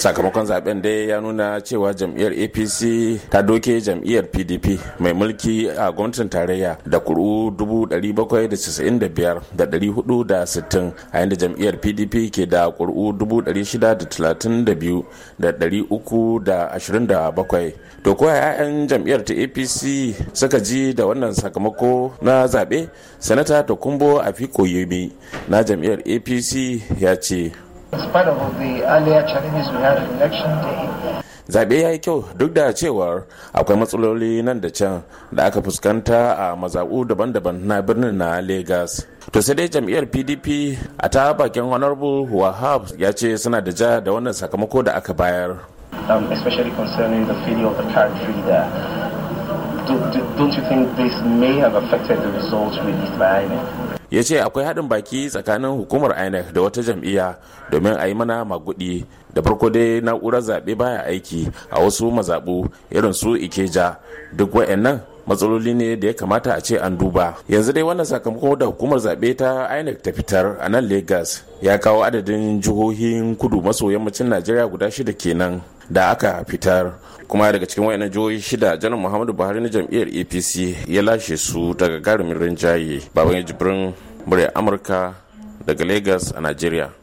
sakamakon zaben dai ya nuna cewa jam'iyyar apc ta doke jam'iyyar pdp mai mulki a gwamnatin tarayya da kuru 795,460 a yadda jam'iyyar pdp ke da kuru 632,327 to kuwa 'ya'yan jam'iyyar ta apc suka ji da wannan sakamako na zaɓe sanata ta kumbo a fiko na jam'iyyar apc ya ce zaɓe ya yi kyau duk da cewar akwai matsaloli nan da can da aka fuskanta a mazaɓu daban-daban na birnin na lagos to sai dai jam'iyyar pdp a ta bakin honorable wahab ya ce suna da ja da wannan sakamako da aka bayar um, especially concerning the failure of the card reader. Do, do, don't you think this may have affected the results released by INEC? ya ce akwai haɗin baki tsakanin hukumar inec da wata jam'iyya domin a yi mana magudi da farko dai na'urar zaɓe baya aiki a wasu mazaɓu irin su ikeja duk wa'annan matsaloli ne da ya kamata a ce an duba yanzu dai wannan sakamako da hukumar zaɓe ta inec ta fitar a nan lagos ya kawo adadin jihohin kudu maso yammacin najeriya guda shida kenan da aka fitar kuma daga cikin wayannan jihohi shida janar muhammadu buhari na jam'iyyar apc ya lashe su daga garimin rinjaye baban jibrin murya amurka daga lagos a najeriya